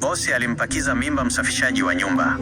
Bosi alimpakiza mimba msafishaji wa nyumba.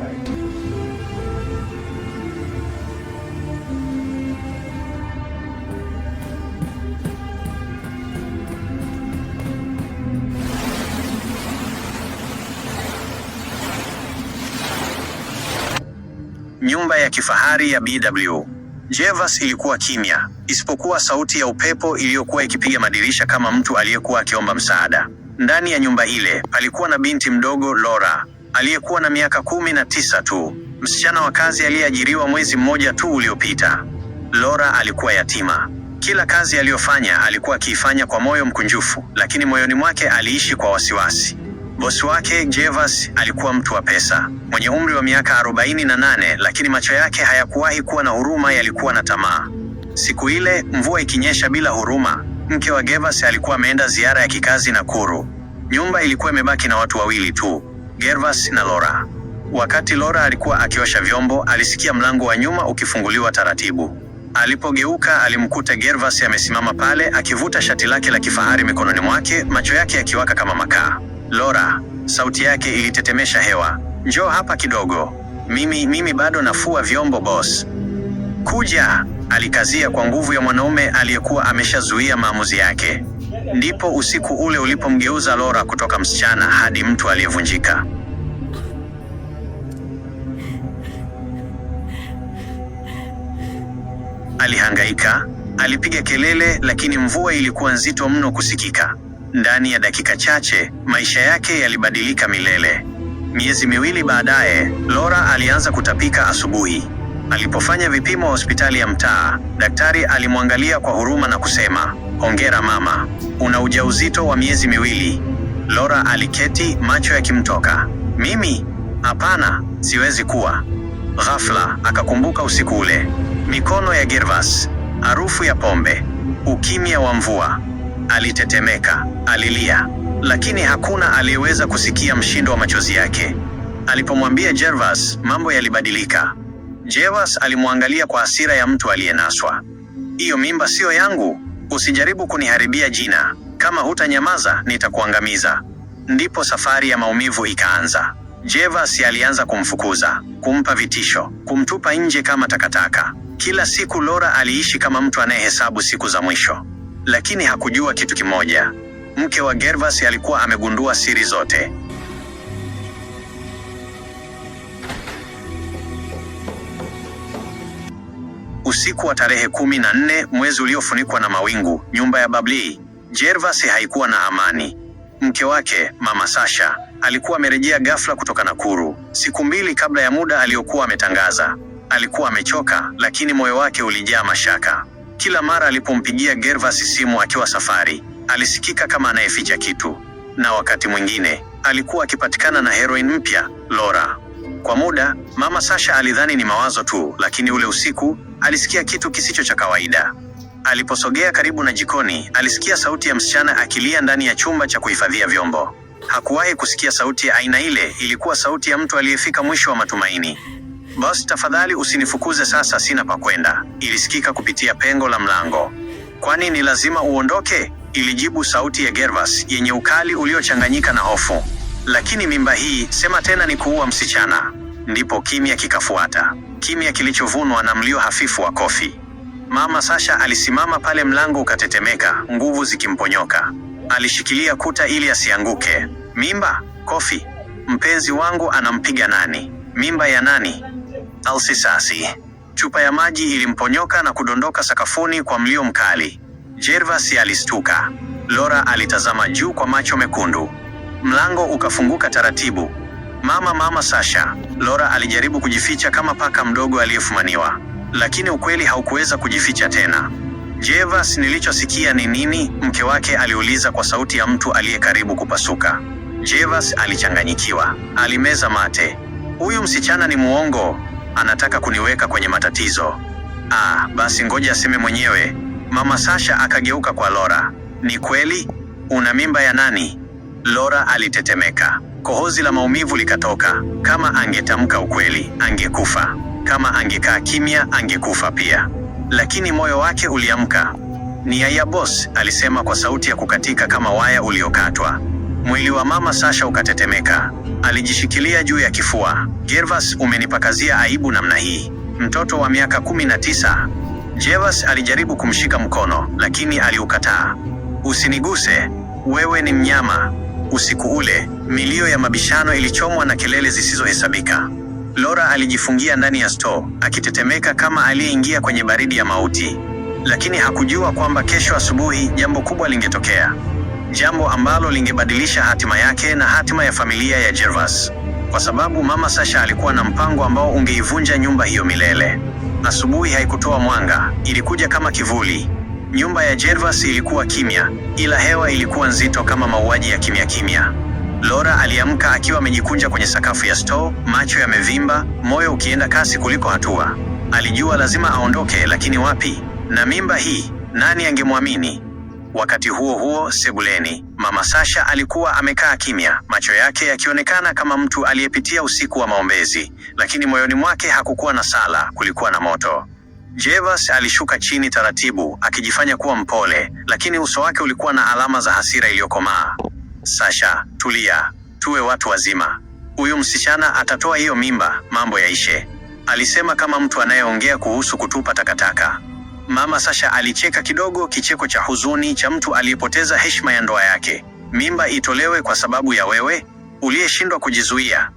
Nyumba ya kifahari ya BW Jevas ilikuwa kimya, isipokuwa sauti ya upepo iliyokuwa ikipiga madirisha kama mtu aliyekuwa akiomba msaada. Ndani ya nyumba ile palikuwa na binti mdogo Laura aliyekuwa na miaka kumi na tisa tu, msichana wa kazi aliyeajiriwa mwezi mmoja tu uliopita. Laura alikuwa yatima. Kila kazi aliyofanya alikuwa akiifanya kwa moyo mkunjufu, lakini moyoni mwake aliishi kwa wasiwasi. Bosi wake Jevas alikuwa mtu wa pesa mwenye umri wa miaka arobaini na nane, lakini macho yake hayakuwahi kuwa na huruma, yalikuwa na tamaa. Siku ile mvua ikinyesha bila huruma Mke wa Gervas alikuwa ameenda ziara ya kikazi Nakuru. Nyumba ilikuwa imebaki na watu wawili tu, Gervas na Lora. Wakati Lora alikuwa akiosha vyombo, alisikia mlango wa nyuma ukifunguliwa taratibu. Alipogeuka alimkuta Gervas amesimama pale akivuta shati lake la kifahari mikononi mwake, macho yake yakiwaka kama makaa. Lora, sauti yake ilitetemesha hewa, njoo hapa kidogo. Mimi mimi bado nafua vyombo boss. Kuja alikazia kwa nguvu ya mwanaume aliyekuwa ameshazuia maamuzi yake. Ndipo usiku ule ulipomgeuza Laura kutoka msichana hadi mtu aliyevunjika. Alihangaika, alipiga kelele, lakini mvua ilikuwa nzito mno kusikika. Ndani ya dakika chache maisha yake yalibadilika milele. Miezi miwili baadaye, Laura alianza kutapika asubuhi. Alipofanya vipimo hospitali ya mtaa, daktari alimwangalia kwa huruma na kusema, hongera mama, una ujauzito wa miezi miwili. Lora aliketi, macho yakimtoka. Mimi? Hapana, siwezi kuwa. Ghafla akakumbuka usiku ule, mikono ya Gervas, harufu ya pombe, ukimya wa mvua. Alitetemeka, alilia, lakini hakuna aliyeweza kusikia mshindo wa machozi yake. Alipomwambia Gervas, mambo yalibadilika. Jevas alimwangalia kwa hasira ya mtu aliyenaswa. Hiyo mimba siyo yangu, usijaribu kuniharibia jina. Kama hutanyamaza nitakuangamiza. Ndipo safari ya maumivu ikaanza. Jevas alianza kumfukuza, kumpa vitisho, kumtupa nje kama takataka. Kila siku Lora aliishi kama mtu anayehesabu siku za mwisho, lakini hakujua kitu kimoja: mke wa Gervas alikuwa amegundua siri zote. Usiku wa tarehe kumi na nne mwezi uliofunikwa na mawingu, nyumba ya Babli, jervas haikuwa na amani. Mke wake Mama Sasha alikuwa amerejea ghafla kutoka Nakuru siku mbili kabla ya muda aliyokuwa ametangaza. Alikuwa amechoka, lakini moyo wake ulijaa mashaka. Kila mara alipompigia Gervas simu akiwa safari, alisikika kama anayeficha kitu, na wakati mwingine alikuwa akipatikana na heroin mpya Laura. Kwa muda mama Sasha alidhani ni mawazo tu, lakini ule usiku alisikia kitu kisicho cha kawaida. Aliposogea karibu na jikoni, alisikia sauti ya msichana akilia ndani ya chumba cha kuhifadhia vyombo. Hakuwahi kusikia sauti ya aina ile, ilikuwa sauti ya mtu aliyefika mwisho wa matumaini. bas tafadhali usinifukuze sasa, sina pa kwenda, ilisikika kupitia pengo la mlango. Kwani ni lazima uondoke? Ilijibu sauti ya Gervas yenye ukali uliochanganyika na hofu. Lakini mimba hii, sema tena, ni kuua msichana. Ndipo kimya kikafuata, kimya kilichovunwa na mlio hafifu wa kofi. Mama Sasha alisimama pale, mlango ukatetemeka, nguvu zikimponyoka. Alishikilia kuta ili asianguke. Mimba? Kofi? Mpenzi wangu anampiga nani? Mimba ya nani? Alsisasi. Chupa ya maji ilimponyoka na kudondoka sakafuni kwa mlio mkali. jervas alistuka. lora alitazama juu kwa macho mekundu. Mlango ukafunguka taratibu. Mama, mama Sasha. Lora alijaribu kujificha kama paka mdogo aliyefumaniwa, lakini ukweli haukuweza kujificha tena. Jevas, nilichosikia ni nini? mke wake aliuliza kwa sauti ya mtu aliyekaribu kupasuka. Jevas alichanganyikiwa, alimeza mate. Huyu msichana ni muongo, anataka kuniweka kwenye matatizo. Ah, basi ngoja aseme mwenyewe. Mama Sasha akageuka kwa Lora. Ni kweli? Una mimba ya nani? Lora alitetemeka, kohozi la maumivu likatoka. Kama angetamka ukweli, angekufa. Kama angekaa kimya, angekufa pia. Lakini moyo wake uliamka. ni ya boss, alisema kwa sauti ya kukatika kama waya uliokatwa. Mwili wa mama Sasha ukatetemeka. Alijishikilia juu ya kifua. Gervas, umenipakazia aibu namna hii, mtoto wa miaka kumi na tisa. jevas alijaribu kumshika mkono, lakini aliukataa. Usiniguse, wewe ni mnyama. Usiku ule, milio ya mabishano ilichomwa na kelele zisizohesabika. Laura alijifungia ndani ya store, akitetemeka kama aliyeingia kwenye baridi ya mauti. Lakini hakujua kwamba kesho asubuhi jambo kubwa lingetokea. Jambo ambalo lingebadilisha hatima yake na hatima ya familia ya jervas Kwa sababu Mama Sasha alikuwa na mpango ambao ungeivunja nyumba hiyo milele. Asubuhi haikutoa mwanga, ilikuja kama kivuli. Nyumba ya jervas ilikuwa kimya, ila hewa ilikuwa nzito kama mauaji ya kimya kimya. Laura aliamka akiwa amejikunja kwenye sakafu ya store, macho yamevimba, moyo ukienda kasi kuliko hatua. Alijua lazima aondoke, lakini wapi? Na mimba hii, nani angemwamini? Wakati huo huo, sebuleni, mama Sasha alikuwa amekaa kimya, macho yake yakionekana kama mtu aliyepitia usiku wa maombezi, lakini moyoni mwake hakukuwa na sala, kulikuwa na moto. Jevas alishuka chini taratibu akijifanya kuwa mpole, lakini uso wake ulikuwa na alama za hasira iliyokomaa. Sasha, tulia, tuwe watu wazima. Huyu msichana atatoa hiyo mimba, mambo yaishe, alisema kama mtu anayeongea kuhusu kutupa takataka. Mama Sasha alicheka kidogo, kicheko cha huzuni cha mtu aliyepoteza heshima ya ndoa yake. Mimba itolewe kwa sababu ya wewe uliyeshindwa kujizuia?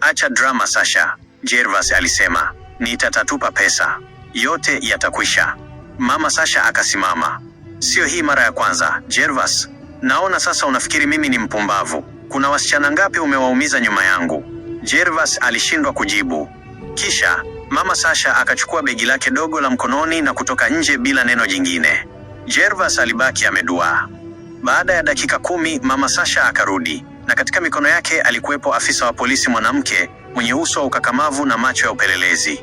Acha drama Sasha, jervas alisema, nitatatupa pesa yote yatakwisha. Mama Sasha akasimama. Sio hii mara ya kwanza, jervas Naona sasa unafikiri mimi ni mpumbavu. Kuna wasichana ngapi umewaumiza nyuma yangu? jervas alishindwa kujibu. Kisha Mama Sasha akachukua begi lake dogo la mkononi na kutoka nje bila neno jingine. jervas alibaki ameduaa. Baada ya dakika kumi Mama Sasha akarudi na katika mikono yake alikuwepo afisa wa polisi mwanamke mwenye uso wa ukakamavu na macho ya upelelezi.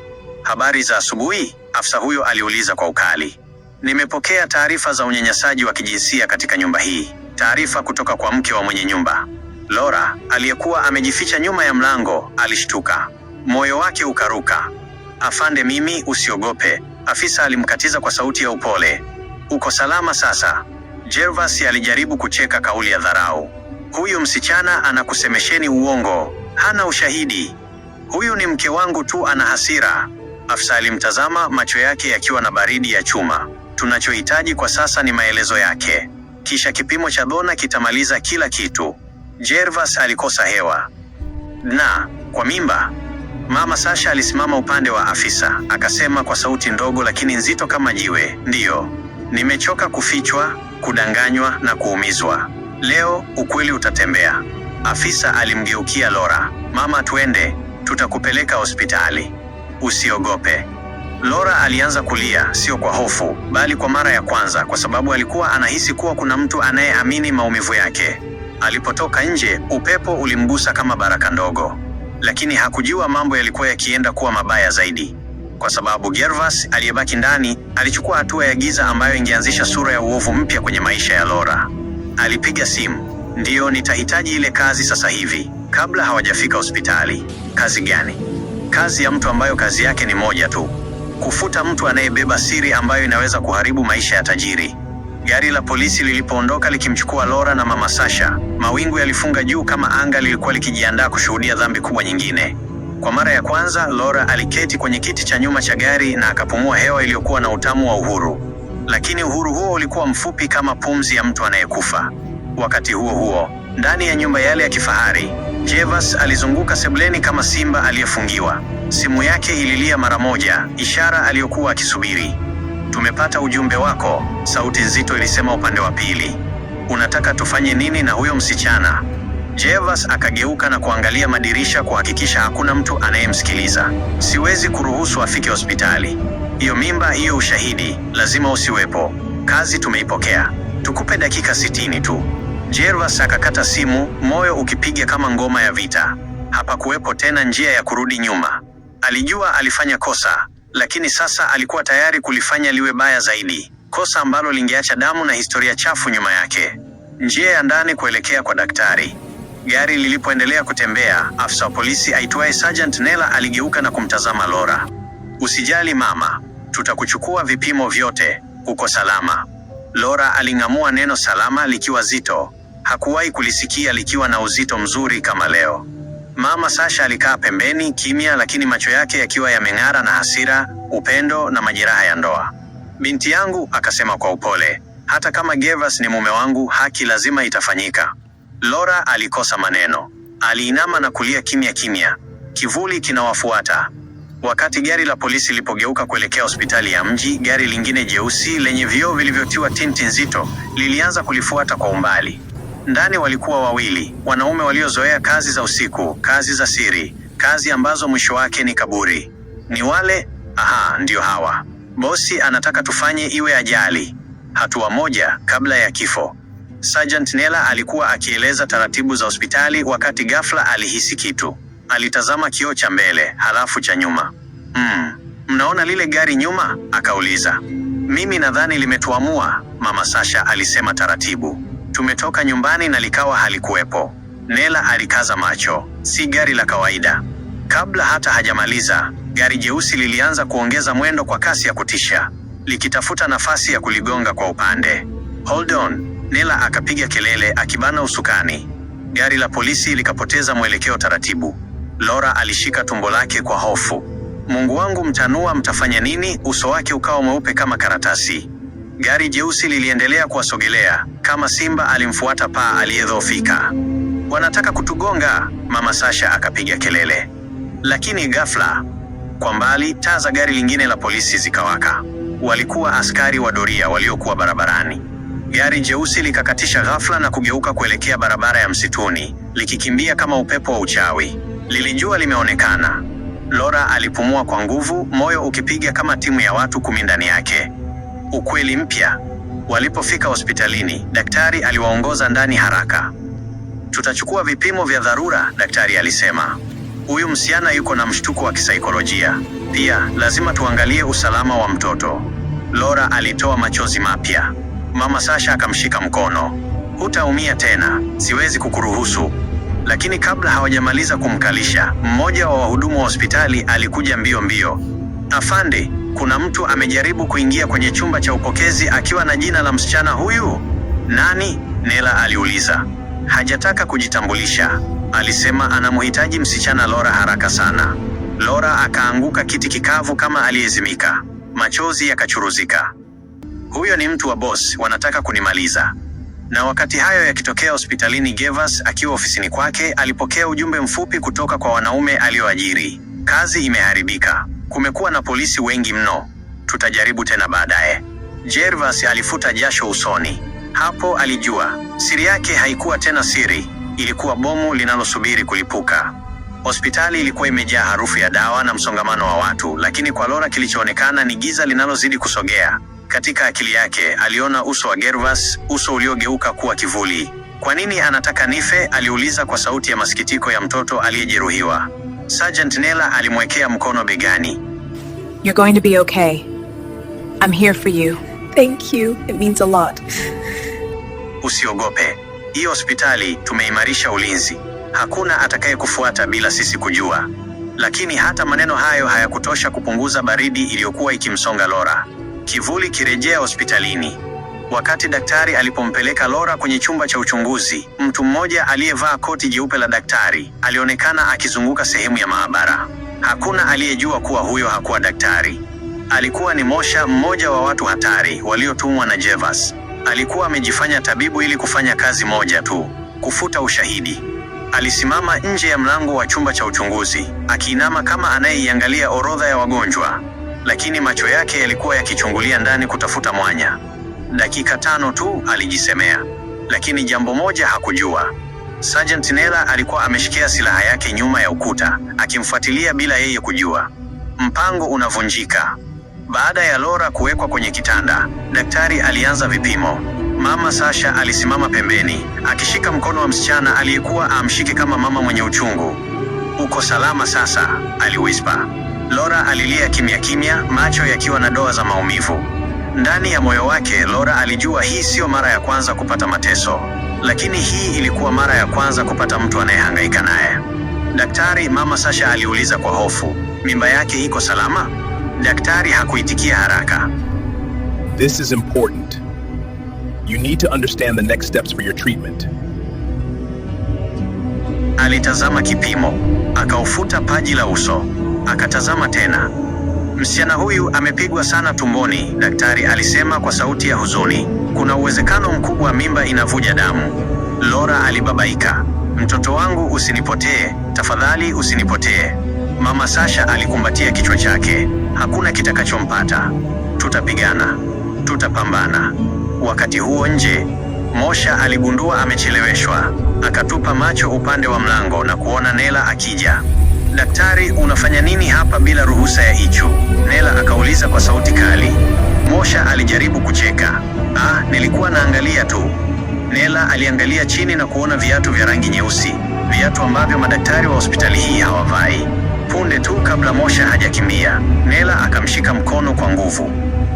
Habari za asubuhi, afisa huyo aliuliza kwa ukali. Nimepokea taarifa za unyanyasaji wa kijinsia katika nyumba hii. Taarifa kutoka kwa mke wa mwenye nyumba. Laura aliyekuwa amejificha nyuma ya mlango alishtuka, moyo wake ukaruka. Afande, mimi usiogope, afisa alimkatiza kwa sauti ya upole. Uko salama sasa. jervas alijaribu kucheka kauli ya dharau. Huyu msichana anakusemesheni uongo, hana ushahidi. Huyu ni mke wangu tu, ana hasira. Afisa alimtazama, macho yake yakiwa na baridi ya chuma. Tunachohitaji kwa sasa ni maelezo yake, kisha kipimo cha Dona kitamaliza kila kitu. jervas alikosa hewa. Na kwa mimba? Mama Sasha alisimama upande wa afisa, akasema kwa sauti ndogo lakini nzito kama jiwe, ndiyo, nimechoka kufichwa, kudanganywa na kuumizwa. Leo ukweli utatembea. Afisa alimgeukia Lora. Mama, twende, tutakupeleka hospitali usiogope. Laura alianza kulia, sio kwa hofu, bali kwa mara ya kwanza, kwa sababu alikuwa anahisi kuwa kuna mtu anayeamini maumivu yake. Alipotoka nje, upepo ulimgusa kama baraka ndogo, lakini hakujua mambo yalikuwa yakienda kuwa mabaya zaidi, kwa sababu Gervas aliyebaki ndani alichukua hatua ya giza ambayo ingeanzisha sura ya uovu mpya kwenye maisha ya Laura. Alipiga simu. Ndiyo, nitahitaji ile kazi sasa hivi, kabla hawajafika hospitali. Kazi gani? kazi ya mtu ambayo kazi yake ni moja tu, kufuta mtu anayebeba siri ambayo inaweza kuharibu maisha ya tajiri. Gari la polisi lilipoondoka likimchukua Lora na mama Sasha, mawingu yalifunga juu kama anga lilikuwa likijiandaa kushuhudia dhambi kubwa nyingine. Kwa mara ya kwanza, Lora aliketi kwenye kiti cha nyuma cha gari na akapumua hewa iliyokuwa na utamu wa uhuru, lakini uhuru huo ulikuwa mfupi kama pumzi ya mtu anayekufa. Wakati huo huo, ndani ya nyumba yale ya kifahari Jevas alizunguka sebuleni kama simba aliyefungiwa. Simu yake ililia mara moja, ishara aliyokuwa akisubiri. Tumepata ujumbe wako, sauti nzito ilisema upande wa pili. Unataka tufanye nini na huyo msichana? Jevas akageuka na kuangalia madirisha kuhakikisha hakuna mtu anayemsikiliza. Siwezi kuruhusu afike hospitali. Hiyo mimba, hiyo ushahidi, lazima usiwepo. Kazi tumeipokea. Tukupe dakika sitini tu. Jervas akakata simu, moyo ukipiga kama ngoma ya vita. Hapakuwepo tena njia ya kurudi nyuma. Alijua alifanya kosa, lakini sasa alikuwa tayari kulifanya liwe baya zaidi, kosa ambalo lingeacha damu na historia chafu nyuma yake. Njia ya ndani kuelekea kwa daktari. Gari lilipoendelea kutembea, afisa wa polisi aitwaye Sergeant Nela aligeuka na kumtazama Lora. Usijali mama, tutakuchukua vipimo vyote, uko salama. Lora aling'amua neno salama likiwa zito, hakuwahi kulisikia likiwa na uzito mzuri kama leo. Mama Sasha alikaa pembeni kimya, lakini macho yake yakiwa yameng'ara na hasira, upendo na majeraha ya ndoa. Binti yangu, akasema kwa upole, hata kama Gervas ni mume wangu, haki lazima itafanyika. Laura alikosa maneno, aliinama na kulia kimya kimya, kivuli kinawafuata. Wakati gari la polisi lilipogeuka kuelekea hospitali ya mji, gari lingine jeusi lenye vioo vilivyotiwa tinti nzito lilianza kulifuata kwa umbali. Ndani walikuwa wawili, wanaume waliozoea kazi za usiku, kazi za siri, kazi ambazo mwisho wake ni kaburi. Ni wale aha, ndio hawa. Bosi anataka tufanye iwe ajali, hatua moja kabla ya kifo. Sergeant Nela alikuwa akieleza taratibu za hospitali wakati ghafla alihisi kitu. Alitazama kioo cha mbele halafu cha nyuma. Mm, mnaona lile gari nyuma? Akauliza. Mimi nadhani limetuamua, Mama Sasha alisema taratibu. Tumetoka nyumbani na likawa halikuwepo. Nela alikaza macho, si gari la kawaida. Kabla hata hajamaliza, gari jeusi lilianza kuongeza mwendo kwa kasi ya kutisha, likitafuta nafasi ya kuligonga kwa upande. Hold on, Nela akapiga kelele akibana usukani. Gari la polisi likapoteza mwelekeo taratibu. Laura alishika tumbo lake kwa hofu. Mungu wangu mtanua, mtafanya nini? Uso wake ukawa mweupe kama karatasi. Gari jeusi liliendelea kuwasogelea kama simba alimfuata paa aliyedhoofika. Wanataka kutugonga, mama Sasha akapiga kelele, lakini ghafla, kwa mbali taa za gari lingine la polisi zikawaka. Walikuwa askari wa doria waliokuwa barabarani. Gari jeusi likakatisha ghafla na kugeuka kuelekea barabara ya msituni, likikimbia kama upepo wa uchawi. Lilijua limeonekana. Lora alipumua kwa nguvu, moyo ukipiga kama timu ya watu kumi ndani yake ukweli mpya. Walipofika hospitalini, daktari aliwaongoza ndani haraka. Tutachukua vipimo vya dharura, daktari alisema. Huyu msichana yuko na mshtuko wa kisaikolojia. Pia lazima tuangalie usalama wa mtoto. Laura alitoa machozi mapya. Mama Sasha akamshika mkono. Hutaumia tena, siwezi kukuruhusu. Lakini kabla hawajamaliza kumkalisha, mmoja wa wahudumu wa hospitali alikuja mbio mbio. Afande, kuna mtu amejaribu kuingia kwenye chumba cha upokezi akiwa na jina la msichana huyu. Nani? Nela aliuliza. Hajataka kujitambulisha, alisema anamhitaji msichana Lora haraka sana. Lora akaanguka kiti kikavu kama aliyezimika, machozi yakachuruzika. Huyo ni mtu wa boss, wanataka kunimaliza. Na wakati hayo yakitokea hospitalini, Gevas akiwa ofisini kwake alipokea ujumbe mfupi kutoka kwa wanaume alioajiri: kazi imeharibika. Kumekuwa na polisi wengi mno, tutajaribu tena baadaye. jervas alifuta jasho usoni. Hapo alijua siri yake haikuwa tena siri, ilikuwa bomu linalosubiri kulipuka. Hospitali ilikuwa imejaa harufu ya dawa na msongamano wa watu, lakini kwa Lora kilichoonekana ni giza linalozidi kusogea. Katika akili yake aliona uso wa Gervas, uso uliogeuka kuwa kivuli. Kwa nini anataka nife? aliuliza kwa sauti ya masikitiko ya mtoto aliyejeruhiwa. Sergeant Nela alimwekea mkono begani. You're going to be okay. I'm here for you. Thank you. It means a lot. Usiogope. Hii hospitali tumeimarisha ulinzi. Hakuna atakayekufuata bila sisi kujua. Lakini hata maneno hayo hayakutosha kupunguza baridi iliyokuwa ikimsonga Lora. Kivuli kirejea hospitalini. Wakati daktari alipompeleka Lora kwenye chumba cha uchunguzi, mtu mmoja aliyevaa koti jeupe la daktari alionekana akizunguka sehemu ya maabara. Hakuna aliyejua kuwa huyo hakuwa daktari. Alikuwa ni Mosha, mmoja wa watu hatari waliotumwa na Jevas. Alikuwa amejifanya tabibu ili kufanya kazi moja tu, kufuta ushahidi. Alisimama nje ya mlango wa chumba cha uchunguzi, akiinama kama anayeiangalia orodha ya wagonjwa, lakini macho yake yalikuwa yakichungulia ndani kutafuta mwanya. Dakika tano tu, alijisemea. Lakini jambo moja hakujua. Sergeant Nela alikuwa ameshikia silaha yake nyuma ya ukuta, akimfuatilia bila yeye kujua. Mpango unavunjika. Baada ya Laura kuwekwa kwenye kitanda, daktari alianza vipimo. Mama Sasha alisimama pembeni, akishika mkono wa msichana aliyekuwa amshike kama mama mwenye uchungu. Uko salama sasa, aliwhisper. Laura alilia kimya kimya, macho yakiwa na doa za maumivu. Ndani ya moyo wake Laura alijua hii siyo mara ya kwanza kupata mateso, lakini hii ilikuwa mara ya kwanza kupata mtu anayehangaika naye. Daktari, mama Sasha aliuliza kwa hofu, mimba yake iko salama? Daktari hakuitikia haraka. This is important. You need to understand the next steps for your treatment. Alitazama kipimo, akaufuta paji la uso, akatazama tena. Msichana huyu amepigwa sana tumboni, daktari alisema kwa sauti ya huzuni. Kuna uwezekano mkubwa mimba inavuja damu. Lora alibabaika. Mtoto wangu usinipotee, tafadhali usinipotee. Mama Sasha alikumbatia kichwa chake. Hakuna kitakachompata. Tutapigana. Tutapambana. Wakati huo nje, Mosha aligundua amecheleweshwa. Akatupa macho upande wa mlango na kuona Nela akija daktari, unafanya nini hapa bila ruhusa ya Ichu? Nela akauliza kwa sauti kali. Mosha alijaribu kucheka. Ah, nilikuwa naangalia tu. Nela aliangalia chini na kuona viatu vya rangi nyeusi, viatu ambavyo madaktari wa hospitali hii hawavai. Punde tu kabla Mosha hajakimbia, Nela akamshika mkono kwa nguvu.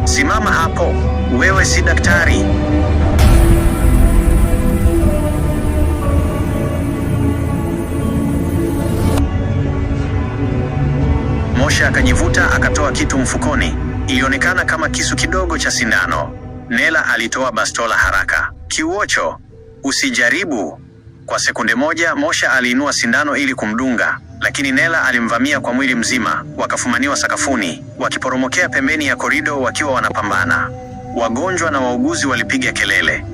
Simama hapo, wewe si daktari. Moshe akajivuta akatoa kitu mfukoni, ilionekana kama kisu kidogo cha sindano. Nela alitoa bastola haraka. Kiuocho, usijaribu. Kwa sekunde moja Moshe aliinua sindano ili kumdunga, lakini Nela alimvamia kwa mwili mzima, wakafumaniwa sakafuni, wakiporomokea pembeni ya korido wakiwa wanapambana. Wagonjwa na wauguzi walipiga kelele.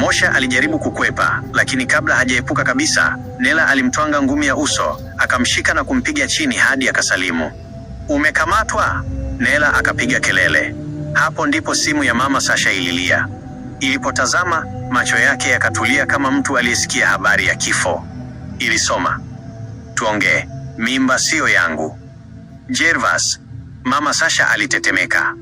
Mosha alijaribu kukwepa, lakini kabla hajaepuka kabisa, Nela alimtwanga ngumi ya uso, akamshika na kumpiga chini hadi akasalimu. Umekamatwa! Nela akapiga kelele. Hapo ndipo simu ya mama Sasha ililia. Ilipotazama, macho yake yakatulia kama mtu aliyesikia habari ya kifo. Ilisoma, tuongee, mimba siyo yangu. Jervas, Mama Sasha alitetemeka.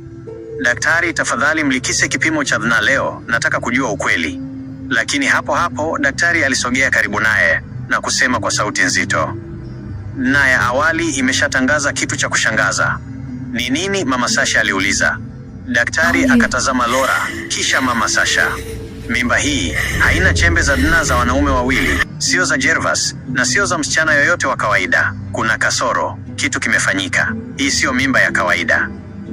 Daktari, tafadhali mlikise kipimo cha DNA leo, nataka kujua ukweli. Lakini hapo hapo daktari alisogea karibu naye na kusema kwa sauti nzito, na ya awali imeshatangaza kitu cha kushangaza. Ni nini mama Sasha? aliuliza. Daktari akatazama Lora kisha mama Sasha. Mimba hii haina chembe za DNA za wanaume wawili, sio za jervas na sio za msichana yoyote wa kawaida. Kuna kasoro, kitu kimefanyika. Hii siyo mimba ya kawaida.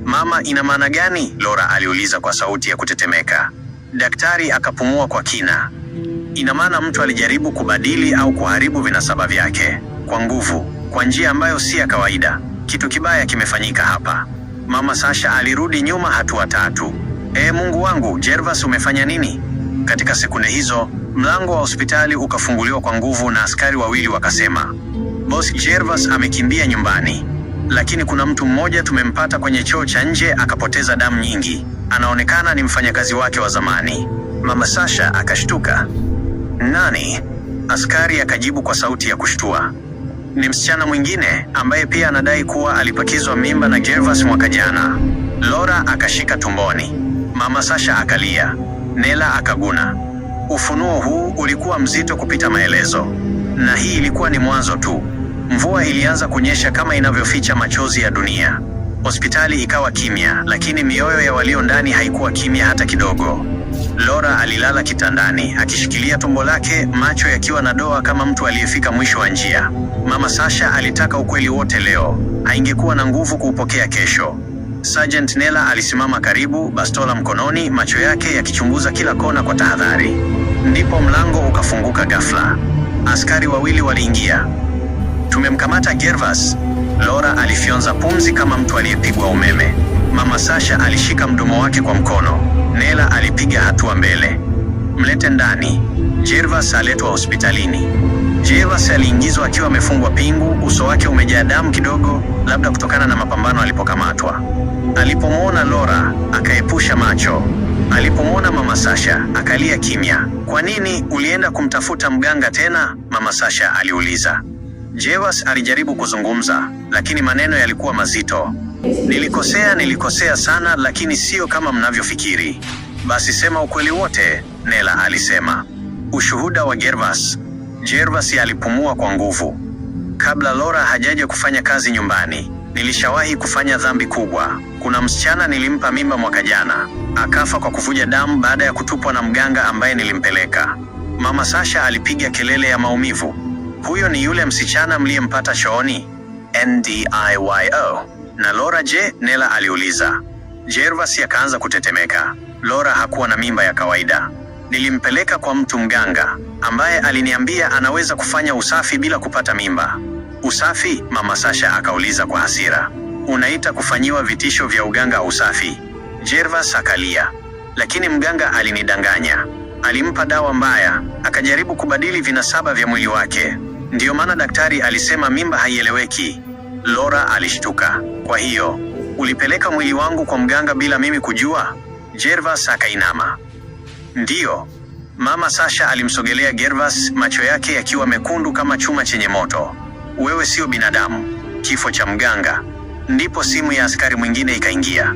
Mama, ina maana gani? Lora aliuliza kwa sauti ya kutetemeka. Daktari akapumua kwa kina. Ina maana mtu alijaribu kubadili au kuharibu vinasaba vyake kwa nguvu, kwa njia ambayo si ya kawaida. Kitu kibaya kimefanyika hapa. Mama Sasha alirudi nyuma hatua tatu. Ee Mungu wangu, jervas umefanya nini? Katika sekunde hizo, mlango wa hospitali ukafunguliwa kwa nguvu na askari wawili wakasema, Boss jervas amekimbia nyumbani, lakini kuna mtu mmoja tumempata kwenye choo cha nje akapoteza damu nyingi anaonekana ni mfanyakazi wake wa zamani. Mama Sasha akashtuka. Nani? Askari akajibu kwa sauti ya kushtua, ni msichana mwingine ambaye pia anadai kuwa alipakizwa mimba na Gervas mwaka jana. Laura akashika tumboni, mama Sasha akalia, Nela akaguna. Ufunuo huu ulikuwa mzito kupita maelezo, na hii ilikuwa ni mwanzo tu. Mvua ilianza kunyesha kama inavyoficha machozi ya dunia. Hospitali ikawa kimya, lakini mioyo ya walio ndani haikuwa kimya hata kidogo. Laura alilala kitandani akishikilia tumbo lake, macho yakiwa na doa kama mtu aliyefika mwisho wa njia. Mama Sasha alitaka ukweli wote leo, haingekuwa na nguvu kuupokea kesho. Sergeant Nela alisimama karibu, bastola mkononi, macho yake yakichunguza kila kona kwa tahadhari. Ndipo mlango ukafunguka ghafla, askari wawili waliingia. Tumemkamata Gervas, Lora alifyonza pumzi kama mtu aliyepigwa umeme. Mama Sasha alishika mdomo wake kwa mkono. Nela alipiga hatua mbele. Mlete ndani. jervas aletwa hospitalini. jervas aliingizwa akiwa amefungwa pingu, uso wake umejaa damu kidogo, labda kutokana na mapambano alipokamatwa. Alipomwona Lora akaepusha macho. Alipomwona mama Sasha akalia kimya. Kwa nini ulienda kumtafuta mganga tena? Mama Sasha aliuliza. Jewas alijaribu kuzungumza, lakini maneno yalikuwa mazito. Nilikosea, nilikosea sana, lakini sio kama mnavyofikiri. Basi sema ukweli wote, Nela alisema. Ushuhuda wa Gervas. Gervas alipumua kwa nguvu. Kabla Laura hajaja kufanya kazi nyumbani, nilishawahi kufanya dhambi kubwa. Kuna msichana nilimpa mimba mwaka jana, akafa kwa kuvuja damu baada ya kutupwa na mganga ambaye nilimpeleka. Mama Sasha alipiga kelele ya maumivu huyo ni yule msichana mliyempata shooni? Ndiyo. Na Lora je? Nela aliuliza. jervas akaanza kutetemeka. Lora hakuwa na mimba ya kawaida. Nilimpeleka kwa mtu mganga ambaye aliniambia anaweza kufanya usafi bila kupata mimba. Usafi? Mama Sasha akauliza kwa hasira. Unaita kufanyiwa vitisho vya uganga usafi? jervas akalia. Lakini mganga alinidanganya. Alimpa dawa mbaya, akajaribu kubadili vinasaba vya mwili wake. Ndiyo maana daktari alisema mimba haieleweki. Laura alishtuka. Kwa hiyo ulipeleka mwili wangu kwa mganga bila mimi kujua? Gervas akainama. Ndiyo. Mama Sasha alimsogelea Gervas, macho yake yakiwa mekundu kama chuma chenye moto. Wewe sio binadamu, kifo cha mganga. Ndipo simu ya askari mwingine ikaingia.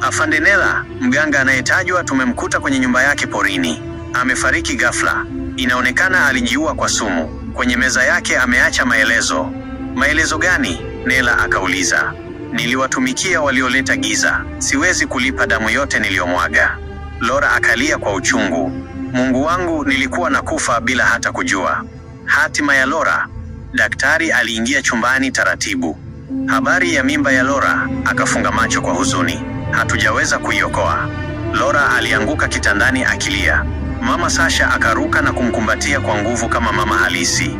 Afande Nela, mganga anayetajwa tumemkuta kwenye nyumba yake porini. Amefariki ghafla, inaonekana alijiua kwa sumu. Kwenye meza yake ameacha maelezo. Maelezo gani? Nela akauliza. Niliwatumikia walioleta giza, siwezi kulipa damu yote niliyomwaga. Lora akalia kwa uchungu. Mungu wangu, nilikuwa na kufa bila hata kujua. Hatima ya Lora. Daktari aliingia chumbani taratibu. Habari ya mimba ya Lora, akafunga macho kwa huzuni. Hatujaweza kuiokoa. Lora alianguka kitandani akilia. Mama Sasha akaruka na kumkumbatia kwa nguvu kama mama halisi.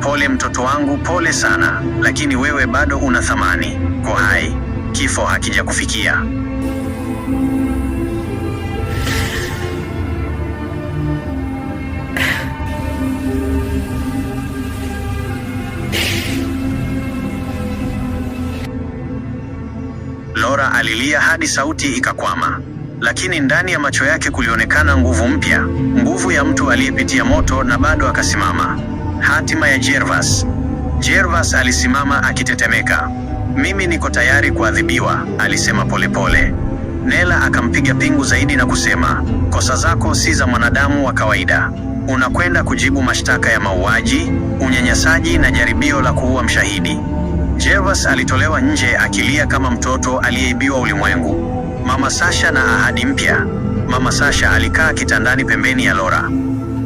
Pole mtoto wangu, pole sana, lakini wewe bado una thamani. Kwa hai, kifo hakijakufikia. Lora alilia hadi sauti ikakwama lakini ndani ya macho yake kulionekana nguvu mpya, nguvu ya mtu aliyepitia moto na bado akasimama. Hatima ya jervas jervas alisimama akitetemeka. Mimi niko tayari kuadhibiwa, alisema polepole. Nela akampiga pingu zaidi na kusema, kosa zako si za mwanadamu wa kawaida. Unakwenda kujibu mashtaka ya mauaji, unyanyasaji na jaribio la kuua mshahidi. jervas alitolewa nje akilia kama mtoto aliyeibiwa ulimwengu. Mama Sasha na ahadi mpya. Mama Sasha alikaa kitandani pembeni ya Lora.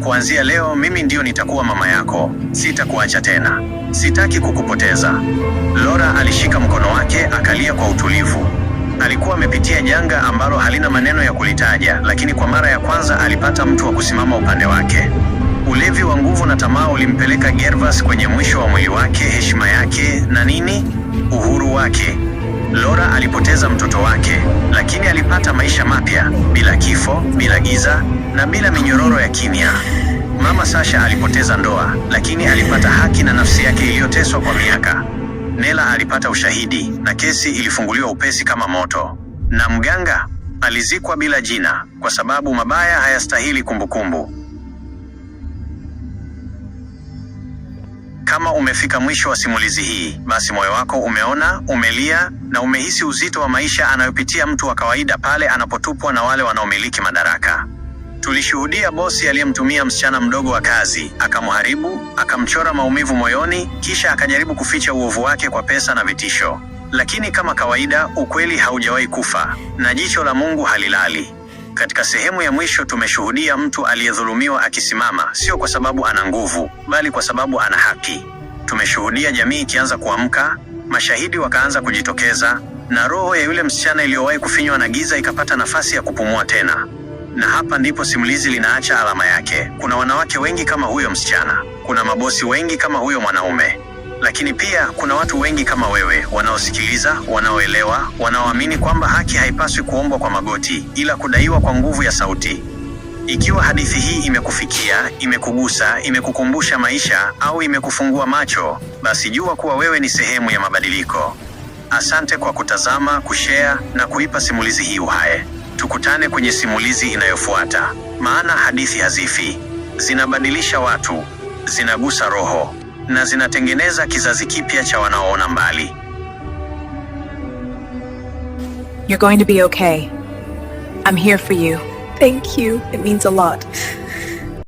Kuanzia leo mimi ndio nitakuwa mama yako, sitakuacha tena, sitaki kukupoteza. Lora alishika mkono wake akalia kwa utulivu. Alikuwa amepitia janga ambalo halina maneno ya kulitaja, lakini kwa mara ya kwanza alipata mtu wa kusimama upande wake. Ulevi wa nguvu na tamaa ulimpeleka Gervas kwenye mwisho wa mwili wake, heshima yake na nini, uhuru wake. Lora alipoteza mtoto wake, lakini alipata maisha mapya, bila kifo, bila giza na bila minyororo ya kimya. Mama Sasha alipoteza ndoa, lakini alipata haki na nafsi yake iliyoteswa kwa miaka. Nela alipata ushahidi na kesi ilifunguliwa upesi kama moto, na mganga alizikwa bila jina, kwa sababu mabaya hayastahili kumbukumbu. Kama umefika mwisho wa simulizi hii, basi moyo wako umeona, umelia na umehisi uzito wa maisha anayopitia mtu wa kawaida pale anapotupwa na wale wanaomiliki madaraka. Tulishuhudia bosi aliyemtumia msichana mdogo wa kazi, akamharibu, akamchora maumivu moyoni, kisha akajaribu kuficha uovu wake kwa pesa na vitisho. Lakini kama kawaida, ukweli haujawahi kufa na jicho la Mungu halilali. Katika sehemu ya mwisho tumeshuhudia mtu aliyedhulumiwa akisimama, sio kwa sababu ana nguvu, bali kwa sababu ana haki. Tumeshuhudia jamii ikianza kuamka, mashahidi wakaanza kujitokeza, na roho ya yule msichana iliyowahi kufinywa na giza ikapata nafasi ya kupumua tena. Na hapa ndipo simulizi linaacha alama yake. Kuna wanawake wengi kama huyo msichana, kuna mabosi wengi kama huyo mwanaume. Lakini pia kuna watu wengi kama wewe wanaosikiliza, wanaoelewa, wanaoamini kwamba haki haipaswi kuombwa kwa magoti, ila kudaiwa kwa nguvu ya sauti. Ikiwa hadithi hii imekufikia, imekugusa, imekukumbusha maisha au imekufungua macho, basi jua kuwa wewe ni sehemu ya mabadiliko. Asante kwa kutazama, kushare na kuipa simulizi hii uhai. Tukutane kwenye simulizi inayofuata, maana hadithi hazifi, zinabadilisha watu, zinagusa roho. na zinatengeneza kizazi kipya cha wanaoona mbali. You're going to be okay. I'm here for you. Thank you. It means a lot.